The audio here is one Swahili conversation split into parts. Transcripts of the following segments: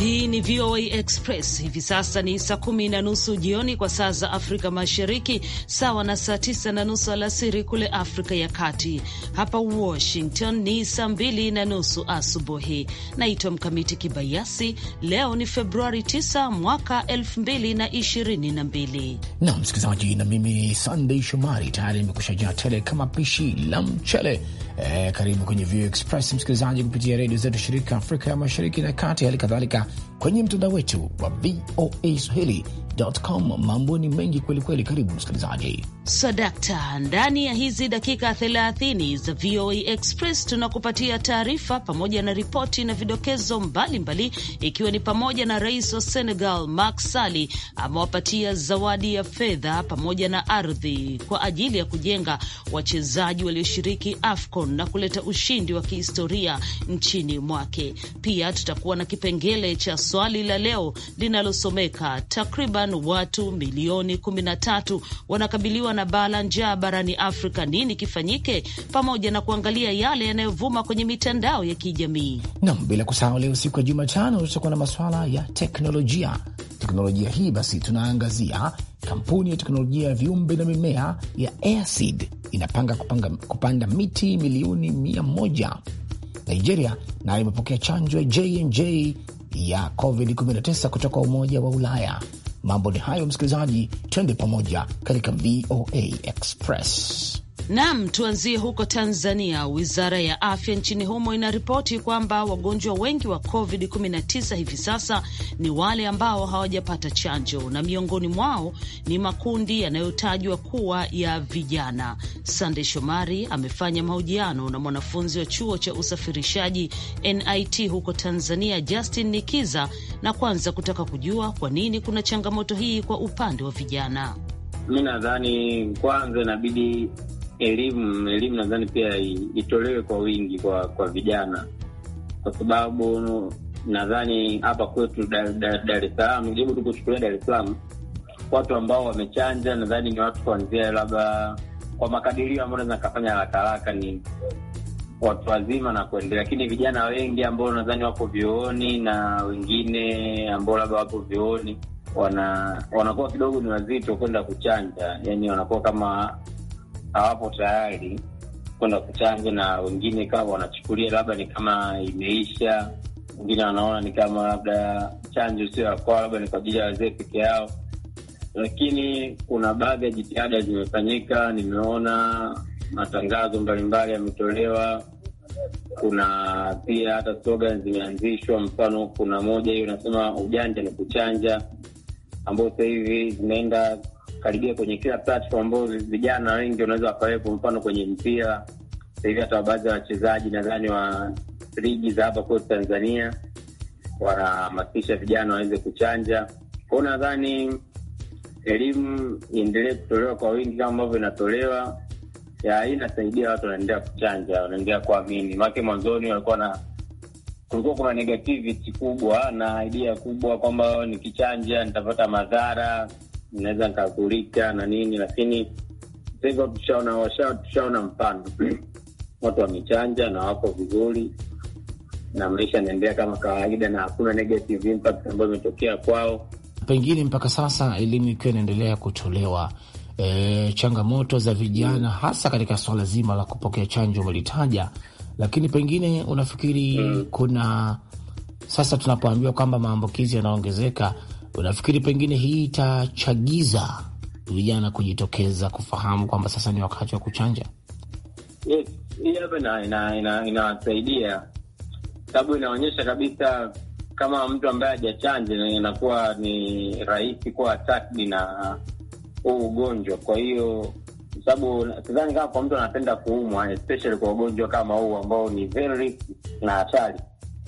Hii ni VOA Express. Hivi sasa ni saa kumi na nusu jioni kwa saa za Afrika Mashariki, sawa na saa tisa na nusu alasiri kule Afrika ya Kati. Hapa Washington ni saa mbili na nusu asubuhi. Naitwa Mkamiti Kibayasi. Leo ni Februari 9 mwaka 222 na na Na msikilizaji, na mimi Sandey Shomari tayari nimekusha jaa tele kama pishi la mchele Eh, karibu kwenye View Express msikilizaji, kupitia redio zetu shirika Afrika ya Mashariki na Kati, hali kadhalika kwenye mtandao wetu wa VOA Swahili.com. Mambo ni mengi kwelikweli. Karibu msikilizaji. Sadakta, ndani ya hizi dakika 30 za VOA Express tunakupatia taarifa pamoja na ripoti na vidokezo mbalimbali mbali, ikiwa ni pamoja na rais wa Senegal mak sali amewapatia zawadi ya fedha pamoja na ardhi kwa ajili ya kujenga wachezaji walioshiriki AFCON na kuleta ushindi wa kihistoria nchini mwake. Pia tutakuwa na kipengele cha swali la leo linalosomeka takriban watu milioni 13 wanakabiliwa na baa la njaa barani Afrika, nini kifanyike? Pamoja na kuangalia yale yanayovuma kwenye mitandao ya kijamii nam, bila kusahau leo siku ya Jumatano tutakuwa na maswala ya teknolojia. Teknolojia hii basi tunaangazia kampuni ya teknolojia ya viumbe na mimea ya Airseed inapanga kupanga, kupanda miti milioni mia moja. Nigeria nayo imepokea chanjo ya JNJ ya COVID-19 kutoka Umoja wa Ulaya. Mambo ni hayo, msikilizaji, twende pamoja katika VOA Express. Nam, tuanzie huko Tanzania. Wizara ya afya nchini humo inaripoti kwamba wagonjwa wengi wa COVID-19 hivi sasa ni wale ambao hawajapata chanjo, na miongoni mwao ni makundi yanayotajwa kuwa ya vijana. Sande Shomari amefanya mahojiano na mwanafunzi wa chuo cha usafirishaji NIT huko Tanzania, Justin Nikiza, na kwanza kutaka kujua kwa nini kuna changamoto hii kwa upande wa vijana. Mi nadhani kwanza inabidi elimu elimu nadhani pia itolewe kwa wingi kwa kwa vijana, kwa sababu nadhani hapa kwetu Dar es Salaam, jaribu tu kuchukulia Dar es Salaam, watu ambao wamechanja nadhani ni watu kuanzia labda kwa makadirio ambayo naweza nikafanya haraka haraka ni watu wazima na kuendelea, lakini vijana wengi ambao nadhani wapo vyooni na wengine ambao labda wapo vyooni wana wanakuwa kidogo ni wazito kwenda kuchanja, yani wanakuwa kama hawapo tayari kwenda kuchanja, na wengine kama wanachukulia labda ni kama imeisha, wengine wanaona ni kama labda chanjo sio ya kwao, labda ni kwa ajili ya wazee peke yao. Lakini kuna baadhi ya jitihada zimefanyika, nimeona matangazo mbalimbali yametolewa. Kuna pia hata slogan zimeanzishwa, mfano kuna moja hiyo inasema ujanja ni kuchanja, ambayo sasa hivi karibia kwenye kila platform ambao vijana wengi wanaweza wakawepo, mfano kwenye mpira sahivi, hata baadhi ya wachezaji nadhani wa ligi za hapa kwetu Tanzania wanahamasisha vijana waweze kuchanja kwao. Nadhani elimu iendelee kutolewa kwa wingi kama ambavyo inatolewa ya hii, inasaidia watu wanaendelea kuchanja, wanaendelea kuamini, maanake mwanzoni walikuwa na kulikuwa kuna negativity kubwa na idea kubwa kwamba nikichanja nitapata madhara inaweza nikakulika na nini, lakini hivyo tushaona, tushaona mfano watu wamechanja na wako vizuri na maisha yanaendelea kama kawaida na hakuna negative impact ambayo imetokea kwao. Pengine mpaka sasa elimu ikiwa inaendelea kutolewa, e, changamoto za vijana hasa katika swala zima la kupokea chanjo umelitaja, lakini pengine unafikiri mm, kuna sasa tunapoambiwa kwamba maambukizi yanaongezeka unafikiri pengine hii itachagiza vijana kujitokeza kufahamu kwamba sasa ni wakati wa kuchanja? Hii hapa inawasaidia, sababu inaonyesha kabisa kama mtu ambaye hajachanja inakuwa ni rahisi kuwa atakdi na huu ugonjwa. Kwa hiyo sababu sidhani kama kwa mtu anapenda kuumwa, especially kwa ugonjwa kama huu ambao ni very na hatari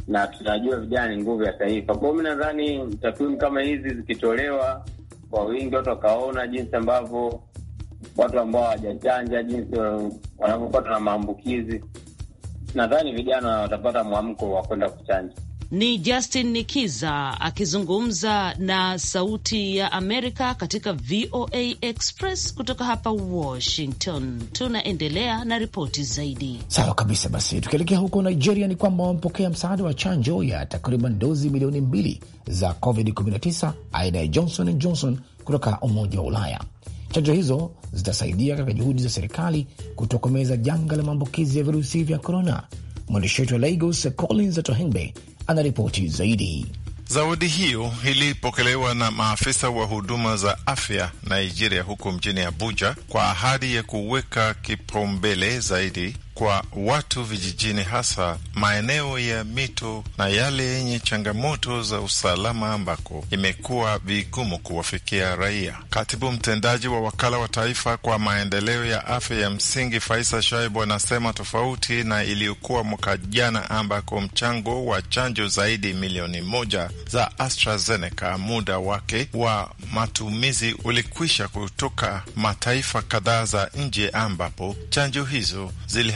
na tunajua vijana ni nguvu ya taifa. Kwa hiyo mi nadhani takwimu kama hizi zikitolewa kwa wingi, watu wakaona jinsi ambavyo watu ambao hawajachanja jinsi wanavyopata na maambukizi, nadhani vijana watapata mwamko wa kwenda kuchanja. Ni Justin Nikiza akizungumza na Sauti ya Amerika katika VOA Express kutoka hapa Washington. Tunaendelea na ripoti zaidi. Sawa kabisa. Basi tukielekea huko Nigeria, ni kwamba wamepokea msaada wa chanjo ya takriban dozi milioni mbili za COVID-19 aina ya Johnson and Johnson kutoka Umoja wa Ulaya. Chanjo hizo zitasaidia katika juhudi za serikali kutokomeza janga la maambukizi ya virusi vya korona. Mwandishi wetu wa Lagos Collins Atohenbe anaripoti zaidi. Zawadi hiyo ilipokelewa na maafisa wa huduma za afya Nigeria huko mjini Abuja kwa ahadi ya kuweka kipaumbele zaidi kwa watu vijijini, hasa maeneo ya mito na yale yenye changamoto za usalama ambako imekuwa vigumu kuwafikia raia. Katibu mtendaji wa wakala wa taifa kwa maendeleo ya afya ya msingi Faisa Shaibu anasema tofauti na iliyokuwa mwaka jana, ambako mchango wa chanjo zaidi milioni moja za AstraZeneca muda wake wa matumizi ulikwisha kutoka mataifa kadhaa za nje ambapo chanjo hizo zili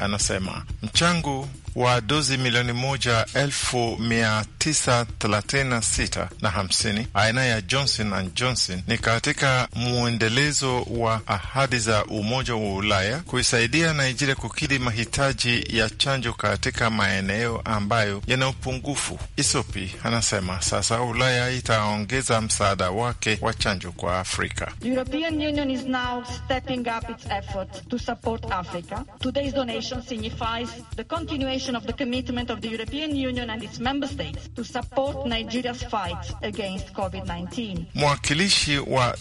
anasema mchango wa dozi milioni moja elfu mia tisa thelathini na sita na hamsini aina ya Johnson and Johnson ni katika mwendelezo wa ahadi za Umoja wa Ulaya kuisaidia Nigeria kukidhi mahitaji ya chanjo katika maeneo ambayo yana upungufu. Isopi anasema sasa Ulaya itaongeza msaada wake wa chanjo kwa Afrika reiteration of the commitment of the European Union and its member states to support Nigeria's fight against COVID-19. Mwakilishi wa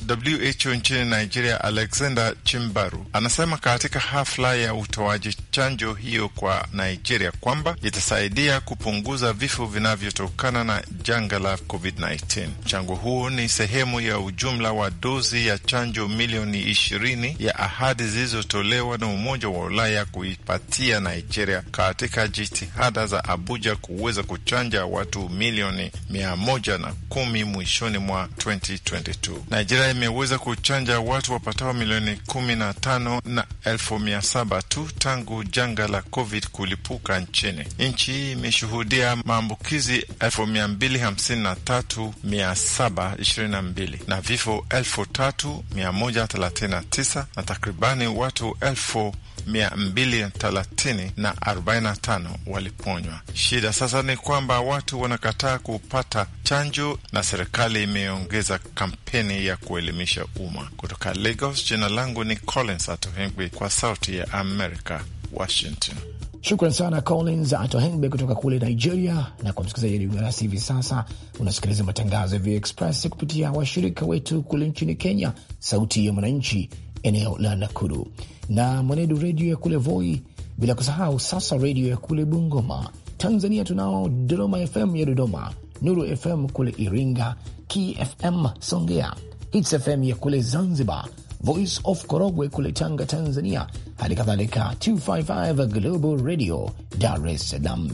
WHO nchini Nigeria Alexander Chimbaru anasema katika hafla ya utoaji chanjo hiyo kwa Nigeria kwamba itasaidia kupunguza vifo vinavyotokana na janga la COVID-19. Mchango huo ni sehemu ya ujumla wa dozi ya chanjo milioni 20 ya ahadi zilizotolewa na Umoja wa Ulaya kuipatia Nigeria katika jitihada za Abuja kuweza kuchanja watu milioni mia moja na kumi mwishoni mwa 2022. Nigeria imeweza kuchanja watu wapatao milioni kumi na tano na elfu mia saba tu tangu janga la COVID kulipuka nchini. Nchi hii imeshuhudia maambukizi elfu mia mbili hamsini na tatu mia saba ishirini na mbili na vifo elfu tatu mia moja thelathini na tisa na takribani watu elfu mia mbili thelathini na arobaini na tano tano waliponywa. Shida sasa ni kwamba watu wanakataa kupata chanjo na serikali imeongeza kampeni ya kuelimisha umma. Kutoka Lagos, jina langu ni Collins Atohengwi kwa Sauti ya America, Washington. Shukran sana Collins Atohengbe kutoka kule Nigeria. Na kwa msikilizaji aliungana nasi hivi sasa, unasikiliza matangazo ya VOA Express kupitia washirika wetu kule nchini Kenya, Sauti ya Mwananchi eneo la Nakuru na Mwenedu Redio ya kule Voi bila kusahau sasa redio ya kule Bungoma. Tanzania tunao Dodoma FM ya Dodoma, Nuru FM kule Iringa, KFM Songea, Hits FM ya kule Zanzibar, Voice of Korogwe kule Tanga, Tanzania, hali kadhalika 255 Global Radio Dar es Salaam.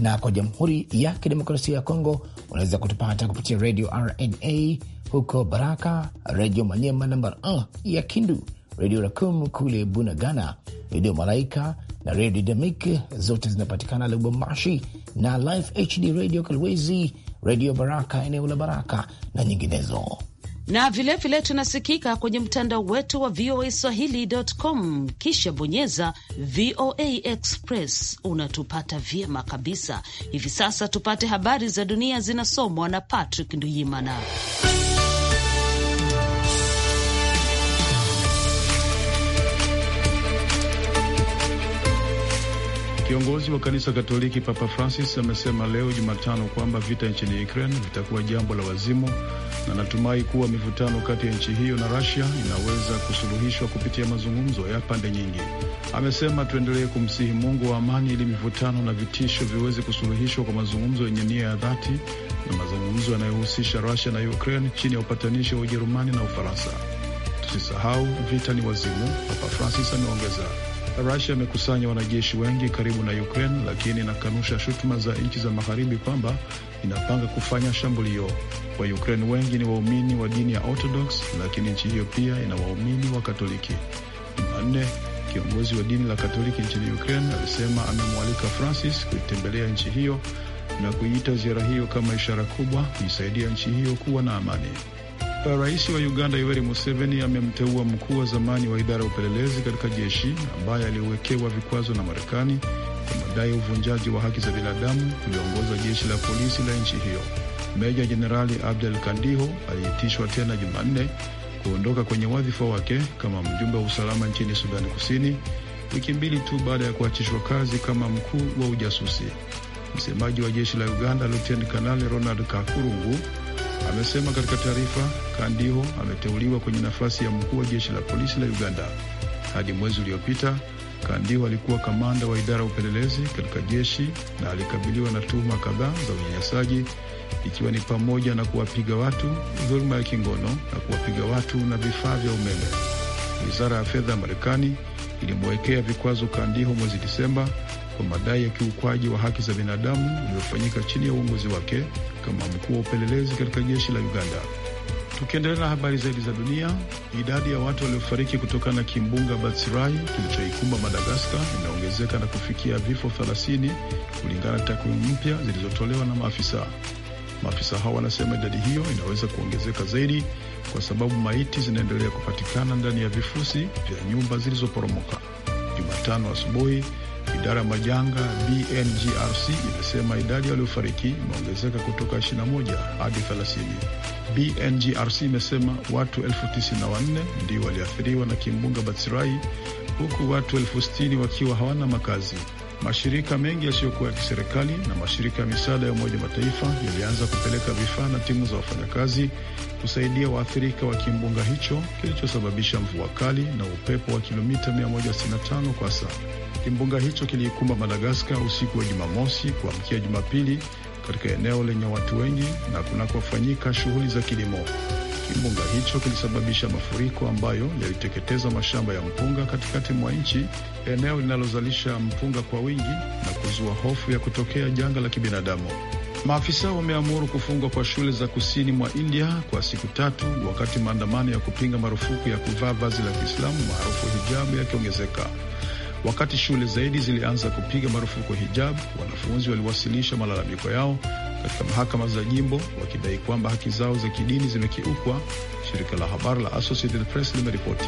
Na kwa Jamhuri ya Kidemokrasia ya Kongo unaweza kutupata kupitia redio RNA huko Baraka, redio Manyema namba 1 uh, ya Kindu, redio Rakum kule Bunagana, redio Malaika na redio Damik zote zinapatikana Lubumbashi, na Life HD radio Kalwezi, redio Baraka eneo la Baraka na nyinginezo na vilevile vile tunasikika kwenye mtandao wetu wa VOA Swahili.com, kisha bonyeza VOA Express, unatupata vyema kabisa. Hivi sasa tupate habari za dunia zinasomwa na Patrick Nduyimana. Kiongozi wa kanisa Katoliki Papa Francis amesema leo Jumatano kwamba vita nchini Ukraine vitakuwa jambo la wazimu na natumai kuwa mivutano kati ya nchi hiyo na Russia inaweza kusuluhishwa kupitia mazungumzo ya pande nyingi. Amesema tuendelee kumsihi Mungu wa amani ili mivutano na vitisho viweze kusuluhishwa kwa mazungumzo yenye nia ya dhati na mazungumzo yanayohusisha Russia na Ukraine chini ya upatanishi wa Ujerumani na Ufaransa. Tusisahau vita ni wazimu, Papa Francis ameongeza. Rusia imekusanya wanajeshi wengi karibu na Ukraine, lakini inakanusha shutuma za nchi za magharibi kwamba inapanga kufanya shambulio. Wa Ukraine wengi ni waumini wa dini ya Orthodox, lakini nchi hiyo pia ina waumini wa Katoliki. Jumanne, kiongozi wa dini la Katoliki nchini Ukraine alisema amemwalika Francis kuitembelea nchi hiyo na kuiita ziara hiyo kama ishara kubwa kuisaidia nchi hiyo kuwa na amani. Uh, Rais wa Uganda Yoweri Museveni amemteua mkuu wa zamani wa idara ya upelelezi katika jeshi ambaye aliwekewa vikwazo na Marekani kwa madai ya uvunjaji wa haki za binadamu kuliongoza jeshi la polisi la nchi hiyo. Meja Jenerali Abdel Kandiho aliitishwa tena Jumanne kuondoka kwenye wadhifa wake kama mjumbe wa usalama nchini Sudani Kusini, wiki mbili tu baada ya kuachishwa kazi kama mkuu wa ujasusi. Msemaji wa jeshi la Uganda Luteni Kanali Ronald Kakurungu amesema katika taarifa. Kandiho ameteuliwa kwenye nafasi ya mkuu wa jeshi la polisi la Uganda. Hadi mwezi uliopita, Kandiho alikuwa kamanda wa idara ya upelelezi katika jeshi na alikabiliwa na tuhuma kadhaa za unyanyasaji, ikiwa ni pamoja na kuwapiga watu, dhuluma ya kingono na kuwapiga watu na vifaa vya umeme. Wizara ya fedha ya Marekani ilimwekea vikwazo Kandiho mwezi Disemba kwa madai ya kiukwaji wa haki za binadamu uliofanyika chini ya uongozi wake kama mkuu wa upelelezi katika jeshi la Uganda. Tukiendelea na habari zaidi za dunia, idadi ya watu waliofariki kutokana na kimbunga Batsirai kilichoikumba Madagaskar inaongezeka na kufikia vifo 30 kulingana na takwimu mpya zilizotolewa na maafisa. Maafisa hao wanasema idadi hiyo inaweza kuongezeka zaidi kwa sababu maiti zinaendelea kupatikana ndani ya vifusi vya nyumba zilizoporomoka. Jumatano asubuhi Idara ya majanga BNGRC imesema idadi waliofariki imeongezeka kutoka 21 hadi 30. BNGRC imesema watu 94 ndio waliathiriwa na kimbunga Batsirai, huku watu 60 wakiwa hawana makazi. Mashirika mengi yasiyokuwa ya kiserikali na mashirika ya misaada ya Umoja Mataifa yalianza kupeleka vifaa na timu za wafanyakazi kusaidia waathirika wa kimbunga hicho kilichosababisha mvua kali na upepo wa kilomita 165 kwa saa. Kimbunga hicho kiliikumba Madagaskar usiku wa Jumamosi kuamkia Jumapili katika eneo lenye watu wengi na kunakofanyika shughuli za kilimo. Kimbunga hicho kilisababisha mafuriko ambayo yaliteketeza mashamba ya mpunga katikati mwa nchi, eneo linalozalisha mpunga kwa wingi na kuzua hofu ya kutokea janga la kibinadamu. Maafisa wameamuru kufungwa kwa shule za kusini mwa India kwa siku tatu, wakati maandamano ya kupinga marufuku ya kuvaa vazi la Kiislamu maarufu hijabu yakiongezeka. Wakati shule zaidi zilianza kupiga marufuku hijab, wanafunzi waliwasilisha malalamiko yao katika mahakama za jimbo wakidai kwamba haki zao za kidini zimekiukwa, shirika la habari la Associated Press limeripoti.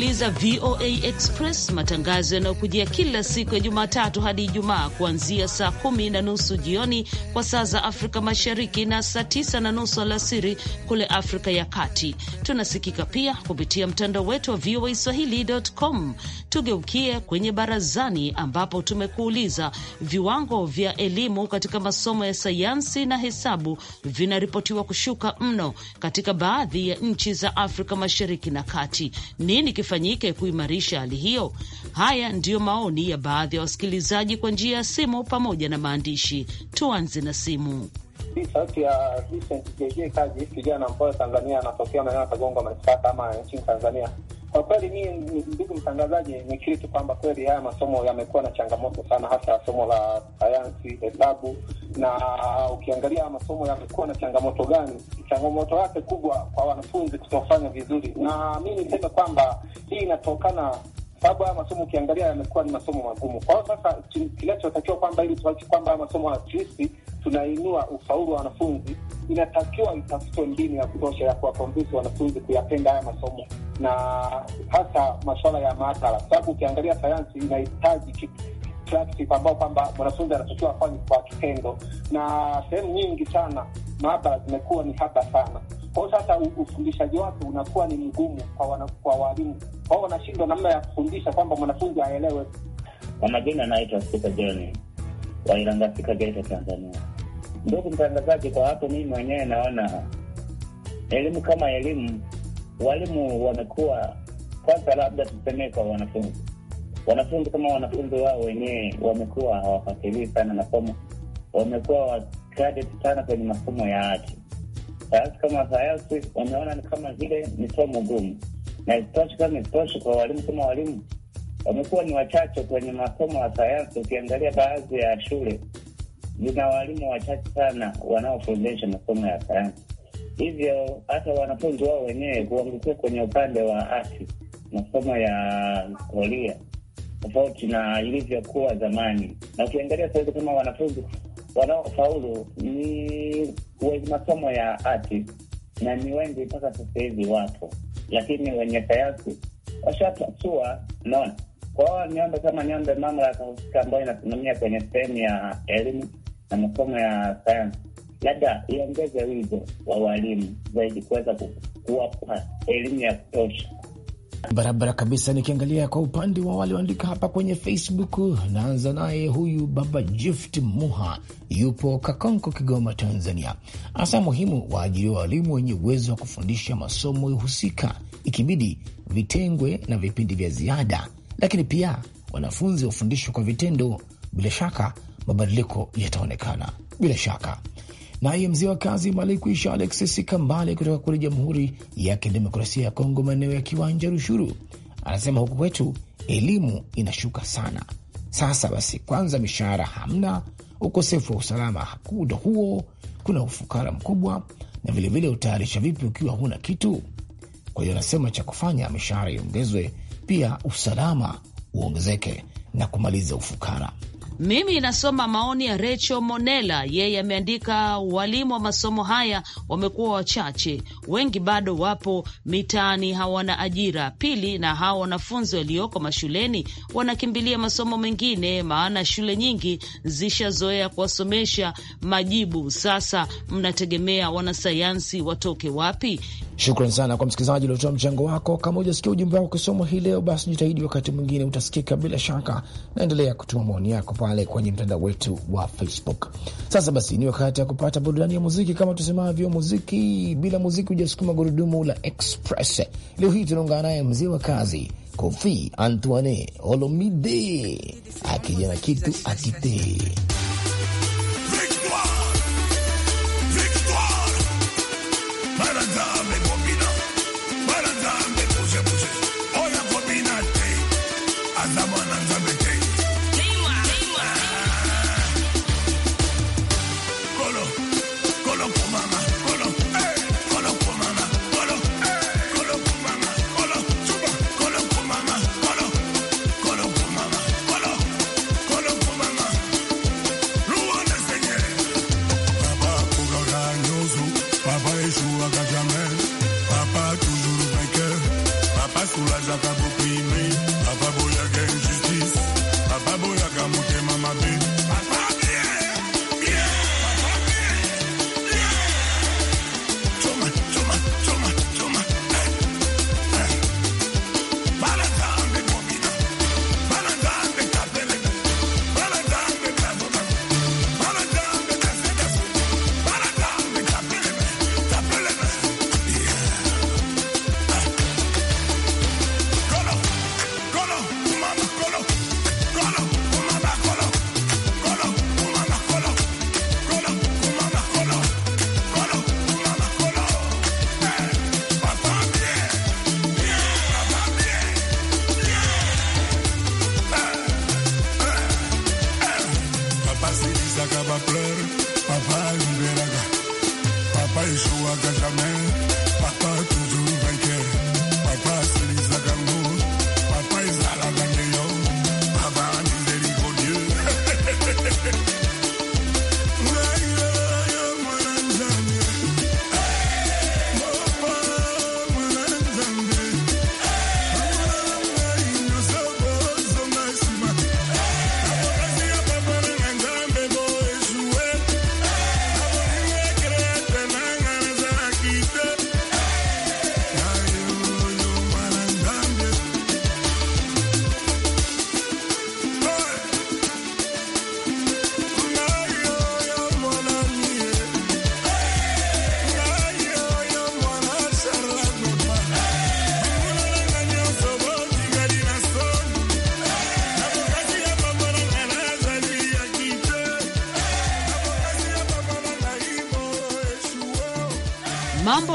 लिए kusikiliza VOA Express, matangazo yanayokujia kila siku ya Jumatatu hadi Ijumaa kuanzia saa kumi na nusu jioni kwa saa za Afrika Mashariki na saa tisa na nusu alasiri kule Afrika ya Kati. Tunasikika pia kupitia mtandao wetu wa VOA Swahili.com. Tugeukie kwenye barazani, ambapo tumekuuliza viwango vya elimu katika masomo ya sayansi na hesabu vinaripotiwa kushuka mno katika baadhi ya nchi za Afrika Mashariki na Kati. Nini kifanyika? yafanyike kuimarisha hali hiyo? Haya ndiyo maoni ya baadhi ya wa wasikilizaji kwa njia ya simu pamoja na maandishi. Tuanze na simu. Sauti ya Vincent JJ Kaji, kijana ambayo Tanzania anatokea maeneo ya Kagongo Mashtaka ama nchini Tanzania. Kwa kweli mimi, ndugu mtangazaji, nikiri tu kwamba kweli haya masomo yamekuwa na changamoto sana, hasa somo la sayansi, hesabu. Na ukiangalia haya masomo yamekuwa na changamoto gani? Changamoto yake kubwa kwa wanafunzi kutofanya vizuri, na mi niseme kwamba hii inatokana sababu haya masomo ukiangalia yamekuwa ni masomo magumu kwao. Sasa kinachotakiwa kwamba ili tuache kwamba haya masomo atlist tunainua ufaulu wa wanafunzi, inatakiwa itafutwe mbinu ya kutosha ya kuwakombisi wanafunzi kuyapenda haya masomo na hasa masuala ya maabara, sababu ukiangalia sayansi inahitaji kitu ambao kwamba mwanafunzi anatakiwa afanye kwa kitendo, na sehemu nyingi sana maabara zimekuwa ni haba sana. kwao. sasa ufundishaji wake unakuwa ni mgumu kwa wana, kwa walimu kwao, wanashindwa namna ya kufundisha kwamba mwanafunzi aelewe. Kwa majina anaitwa Sika John wa Sika Geita, Tanzania. Ndugu mtangazaji, kwa hapo mimi mwenyewe naona elimu kama elimu Walimu wamekuwa kwanza, labda tusemee kwa wanafunzi, wanafunzi kama wanafunzi wao wenyewe wamekuwa hawafatilii sana masomo, wamekuwa wakadeti sana kwenye masomo ya ati sayansi kama sayansi, wameona ni kama vile ni somo gumu, na isitoshe kama isitoshe kwa walimu kama walimu wamekuwa ni wachache kwenye masomo ya sayansi. Ukiangalia baadhi ya shule zina walimu wachache sana wanaofundisha masomo ya sayansi hivyo hata wanafunzi wao wenyewe kuangukia kwenye upande wa ati masomo ya kolia tofauti na ilivyokuwa zamani, na ukiangalia sahizi kama wanafunzi wanaofaulu ni wenye masomo ya ati na ni wengi mpaka sasa hivi wapo, lakini wenye sayansi washatasua. Naona kwao niombe kama niombe mamlaka husika ambayo inasimamia kwenye sehemu ya elimu na masomo ya sayansi labda iongeze wigo wa walimu zaidi kuweza kuwapa elimu ya kutosha. Barabara kabisa. Nikiangalia kwa upande wa walioandika hapa kwenye Facebook, naanza naye huyu baba Gift Muha, yupo Kakonko, Kigoma, Tanzania. Hasa muhimu ajili wa walimu wenye uwezo wa kufundisha masomo husika, ikibidi vitengwe na vipindi vya ziada, lakini pia wanafunzi wafundishwe kwa vitendo. Bila shaka mabadiliko yataonekana bila shaka. Naye mzee wa kazi Malikuisha Alexis Kambale kutoka kule Jamhuri ya Kidemokrasia ya Kongo, maeneo ya Kiwanja Rushuru, anasema huku kwetu elimu inashuka sana. Sasa basi, kwanza mishahara hamna, ukosefu wa usalama hakudo huo, kuna ufukara mkubwa, na vilevile utayarisha vipi ukiwa huna kitu? Kwa hiyo anasema cha kufanya mishahara iongezwe, pia usalama uongezeke na kumaliza ufukara. Mimi nasoma maoni ya Recho Monela, yeye ameandika, walimu wa masomo haya wamekuwa wachache, wengi bado wapo mitaani, hawana ajira. Pili, na hawa wanafunzi walioko mashuleni wanakimbilia masomo mengine, maana shule nyingi zishazoea kuwasomesha majibu. Sasa mnategemea wanasayansi watoke wapi? Shukran sana kwa msikilizaji uliotoa mchango wako. Kama hujasikia ujumbe wako ukisomwa hii leo, basi jitahidi wakati mwingine utasikika bila shaka. Naendelea kutuma maoni yako pale kwenye mtandao wetu wa Facebook. Sasa basi, ni wakati ya kupata burudani ya muziki. Kama tusemavyo, muziki bila muziki hujasukuma gurudumu la Express. Leo hii tunaungana naye mzee wa kazi Kofi Antoine Olomide akija na kitu akitee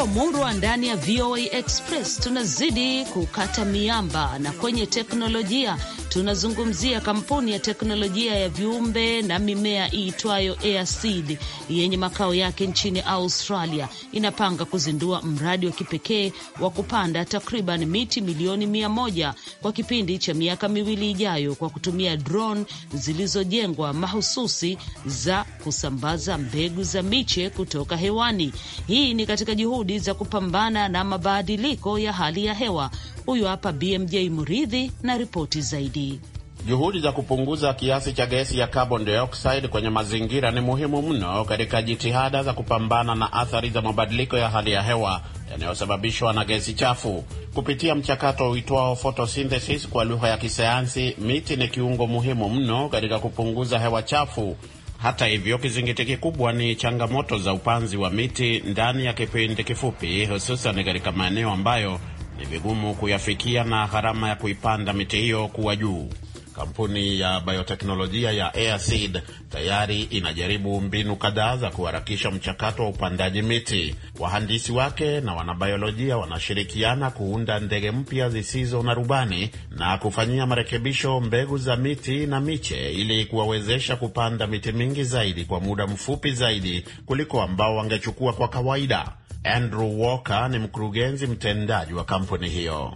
murwa ndani ya VOA Express tunazidi kukata miamba na kwenye teknolojia tunazungumzia kampuni ya teknolojia ya viumbe na mimea iitwayo Airseed yenye makao yake nchini Australia inapanga kuzindua mradi wa kipekee wa kupanda takriban miti milioni mia moja kwa kipindi cha miaka miwili ijayo kwa kutumia drone zilizojengwa mahususi za kusambaza mbegu za miche kutoka hewani. Hii ni katika juhudi za kupambana na mabadiliko ya hali ya hewa Huyu hapa BMJ Muridhi na ripoti zaidi. Juhudi za kupunguza kiasi cha gesi ya carbon dioxide kwenye mazingira ni muhimu mno katika jitihada za kupambana na athari za mabadiliko ya hali ya hewa yanayosababishwa na gesi chafu. Kupitia mchakato uitwao photosynthesis kwa lugha ya kisayansi, miti ni kiungo muhimu mno katika kupunguza hewa chafu. Hata hivyo, kizingiti kikubwa ni changamoto za upanzi wa miti ndani ya kipindi kifupi, hususan katika maeneo ambayo ni vigumu kuyafikia na gharama ya kuipanda miti hiyo kuwa juu. Kampuni ya bioteknolojia ya Airseed tayari inajaribu mbinu kadhaa za kuharakisha mchakato wa upandaji miti. Wahandisi wake na wanabiolojia wanashirikiana kuunda ndege mpya zisizo na rubani na kufanyia marekebisho mbegu za miti na miche ili kuwawezesha kupanda miti mingi zaidi kwa muda mfupi zaidi kuliko ambao wangechukua kwa kawaida. Andrew Walker ni mkurugenzi mtendaji wa kampuni hiyo.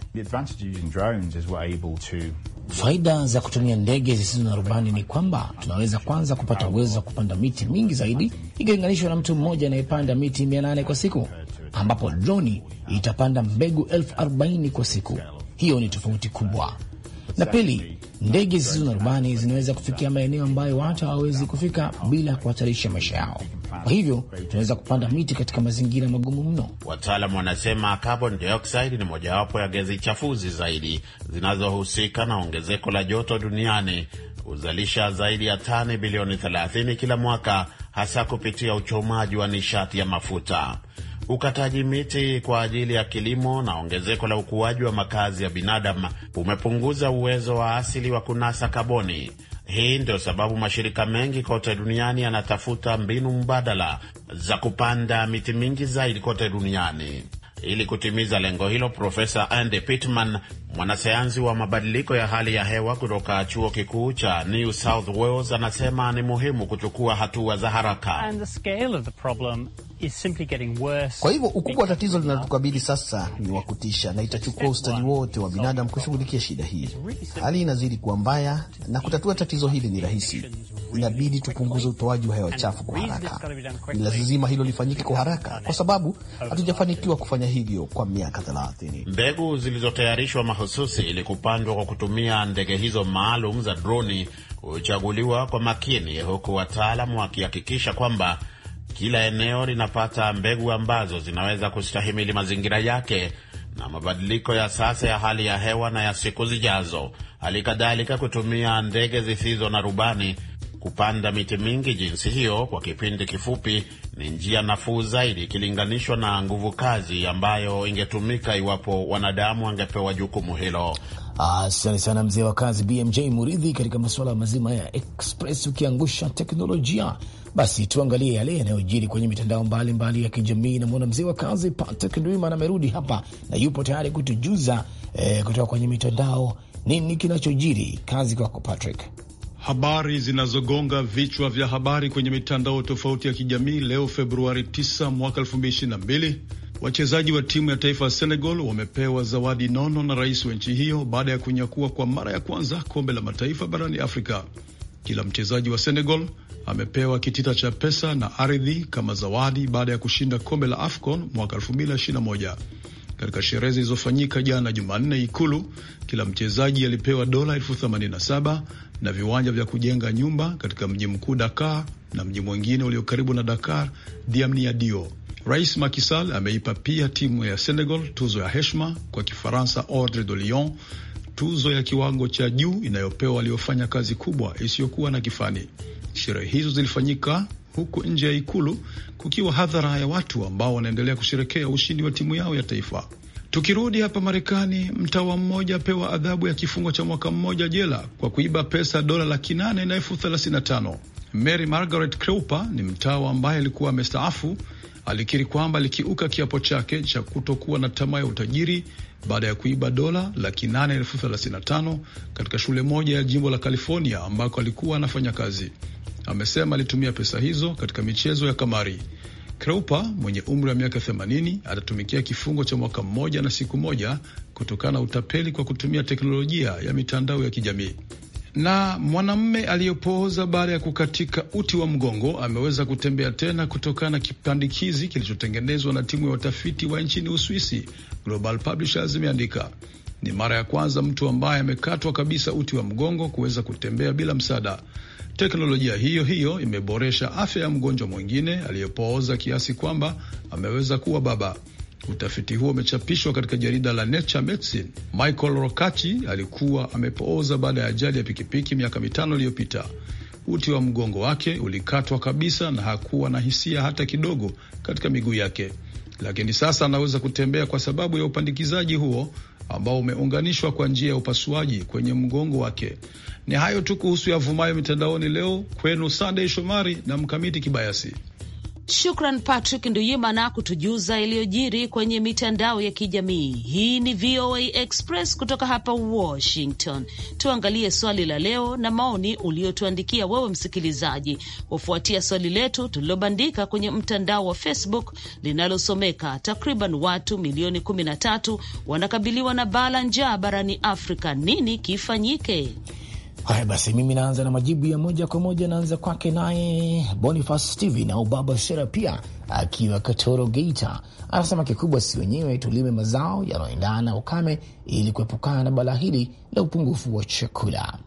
Faida za kutumia ndege zisizo na rubani ni kwamba tunaweza kwanza kupata uwezo wa kupanda miti mingi zaidi ikilinganishwa na mtu mmoja anayepanda miti 8 kwa siku, ambapo droni itapanda mbegu elfu 40 kwa siku. Hiyo ni tofauti kubwa. Na pili, ndege zisizo na rubani zinaweza kufikia maeneo ambayo watu hawawezi kufika bila kuhatarisha maisha yao. Kwa hivyo tunaweza kupanda miti katika mazingira magumu mno. Wataalamu wanasema carbon dioxide ni mojawapo ya gesi chafuzi zaidi zinazohusika na ongezeko la joto duniani. Huzalisha zaidi ya tani bilioni 30 kila mwaka, hasa kupitia uchomaji wa nishati ya mafuta, ukataji miti kwa ajili ya kilimo na ongezeko la ukuaji wa makazi ya binadamu umepunguza uwezo wa asili wa kunasa kaboni hii ndio sababu mashirika mengi kote duniani yanatafuta mbinu mbadala za kupanda miti mingi zaidi kote duniani. Ili kutimiza lengo hilo, Profesa Andy Pittman, mwanasayansi wa mabadiliko ya hali ya hewa kutoka chuo kikuu cha New South Wales, anasema ni muhimu kuchukua hatua za haraka. Kwa hivyo ukubwa wa tatizo linalotukabili sasa ni wa kutisha, na itachukua ustadi wote wa binadamu kushughulikia shida hii. Hali inazidi kuwa mbaya, na kutatua tatizo hili ni rahisi. Inabidi tupunguze utoaji wa hewa chafu kwa haraka. Ni lazima hilo lifanyike kwa haraka, kwa sababu hatujafanikiwa kufanya hivyo kwa miaka thelathini. Mbegu zilizotayarishwa mahususi ili kupandwa kwa kutumia ndege hizo maalum za droni huchaguliwa kwa makini, huku wataalamu wakihakikisha kwamba kila eneo linapata mbegu ambazo zinaweza kustahimili mazingira yake na mabadiliko ya sasa ya hali ya hewa na ya siku zijazo. Hali kadhalika kutumia ndege zisizo na rubani kupanda miti mingi jinsi hiyo kwa kipindi kifupi ni njia nafuu zaidi ikilinganishwa na nguvu kazi ambayo ingetumika iwapo wanadamu wangepewa jukumu hilo. Asante sana mzee wa kazi BMJ Muridhi, katika masuala mazima ya Express ukiangusha teknolojia. Basi tuangalie yale yanayojiri kwenye mitandao mbalimbali mbali ya kijamii. Namwona mzee wa kazi Patrick Ndwimana amerudi hapa na yupo tayari kutujuza eh, kutoka kwenye mitandao nini kinachojiri. Kazi kwako Patrick. Habari zinazogonga vichwa vya habari kwenye mitandao tofauti ya kijamii leo Februari 9 mwaka 2022 Wachezaji wa timu ya taifa ya Senegal wamepewa zawadi nono na rais wa nchi hiyo baada ya kunyakua kwa mara ya kwanza kombe la mataifa barani Afrika. Kila mchezaji wa Senegal amepewa kitita cha pesa na ardhi kama zawadi baada ya kushinda kombe la AFCON mwaka 2021. Katika sherehe zilizofanyika jana Jumanne Ikulu, kila mchezaji alipewa dola elfu na viwanja vya kujenga nyumba katika mji mkuu Dakar na mji mwingine ulio karibu na Dakar, Diamniadio. Rais makisal ameipa pia timu ya Senegal tuzo ya heshima, kwa Kifaransa Ordre de lyon tuzo ya kiwango cha juu inayopewa waliofanya kazi kubwa isiyokuwa na kifani. Sherehe hizo zilifanyika huku nje ya ikulu kukiwa hadhara ya watu ambao wanaendelea kusherekea ushindi wa timu yao ya taifa. Tukirudi hapa Marekani, mtawa mmoja apewa adhabu ya kifungo cha mwaka mmoja jela kwa kuiba pesa dola laki nane na elfu thelathini na tano. Mary Margaret creuper ni mtawa ambaye alikuwa amestaafu alikiri kwamba alikiuka kiapo chake cha kutokuwa na tamaa ya utajiri baada ya kuiba dola laki nane elfu thelathini na tano katika shule moja ya jimbo la California ambako alikuwa anafanya kazi. Amesema alitumia pesa hizo katika michezo ya kamari. Kreupa mwenye umri wa miaka 80 atatumikia kifungo cha mwaka mmoja na siku moja kutokana na utapeli kwa kutumia teknolojia ya mitandao ya kijamii. Na mwanamme aliyepooza baada ya kukatika uti wa mgongo ameweza kutembea tena kutokana na kipandikizi kilichotengenezwa na timu ya watafiti wa nchini Uswisi. Global Publishers imeandika ni mara ya kwanza mtu ambaye amekatwa kabisa uti wa mgongo kuweza kutembea bila msaada. Teknolojia hiyo hiyo imeboresha afya ya mgonjwa mwingine aliyepooza kiasi kwamba ameweza kuwa baba. Utafiti huo umechapishwa katika jarida la Nature Medicine. Michael rokachi alikuwa amepooza baada ya ajali ya pikipiki miaka mitano iliyopita. Uti wa mgongo wake ulikatwa kabisa na hakuwa na hisia hata kidogo katika miguu yake, lakini sasa anaweza kutembea kwa sababu ya upandikizaji huo ambao umeunganishwa kwa njia ya upasuaji kwenye mgongo wake. Ni hayo tu kuhusu yavumayo mitandaoni leo. Kwenu sandey Shomari na Mkamiti Kibayasi. Shukran Patrick Nduyimana kutujuza iliyojiri kwenye mitandao ya kijamii. Hii ni VOA Express kutoka hapa Washington. Tuangalie swali la leo na maoni uliotuandikia wewe msikilizaji, kufuatia swali letu tulilobandika kwenye mtandao wa Facebook linalosomeka takriban watu milioni 13 wanakabiliwa na baa la njaa barani Afrika, nini kifanyike? Haya basi, mimi naanza na majibu ya moja kwa moja. Naanza kwake naye bonifas Steven au Baba Shera, pia akiwa Katoro Geita, anasema kikubwa si wenyewe, tulime mazao yanayoendana na ukame ili kuepukana na balaa hili la upungufu wa chakula.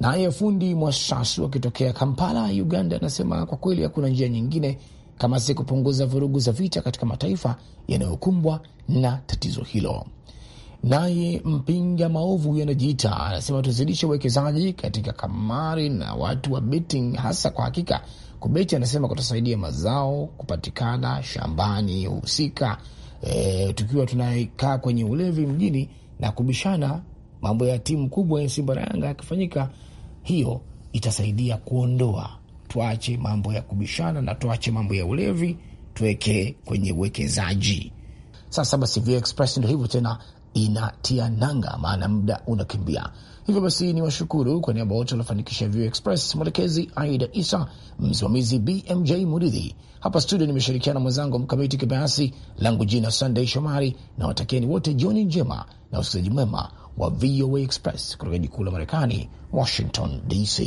Naye fundi mwashashu akitokea Kampala, Uganda, anasema kwa kweli hakuna njia nyingine kama si kupunguza vurugu za vita katika mataifa yanayokumbwa na tatizo hilo. Naye mpinga maovu anajiita anasema tuzidishe uwekezaji katika kamari na watu wa betting, hasa kwa hakika kubeti, anasema kutasaidia mazao kupatikana shambani husika. E, tukiwa tunakaa kwenye ulevi mjini na kubishana mambo ya timu kubwa ya Simba na Yanga yakifanyika, hiyo itasaidia kuondoa, tuache mambo ya kubishana na tuache mambo ya ulevi, tuwekee kwenye uwekezaji. Sasa basi, Express ndo hivyo tena inatia nanga, maana muda unakimbia. Hivyo basi ni washukuru kwa niaba wote waliofanikisha View Express, mwelekezi Aida Isa, msimamizi BMJ Muridhi. Hapa studio nimeshirikiana mwenzangu Mkamiti Kibayasi, langu jina Sunday Shomari, na watakieni wote jioni njema na usikilizaji mwema wa VOA Express kutoka jikuu la Marekani, Washington DC.